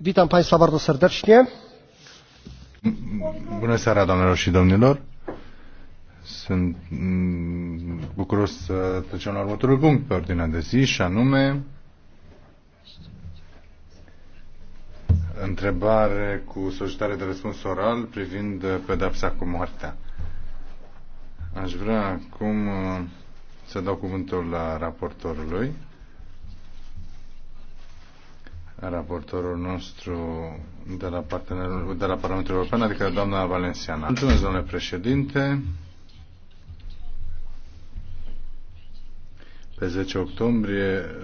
Witam Państwa bardzo serdecznie. Bună seara, doamnelor și domnilor. Sunt mm, bucuros să trecem la următorul punct pe ordinea de zi și anume întrebare cu solicitare de răspuns oral privind pedapsa cu moartea. Aș vrea acum uh, să dau cuvântul la raportorului raportorul nostru de la, partenerul, de la Parlamentul European, adică doamna Valenciana. Mulțumesc, domnule președinte. Pe 10 octombrie